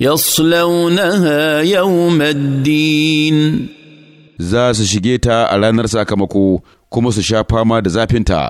يصلونها يوم الدين za su shige ta a ranar sakamako kuma su sha fama da zafinta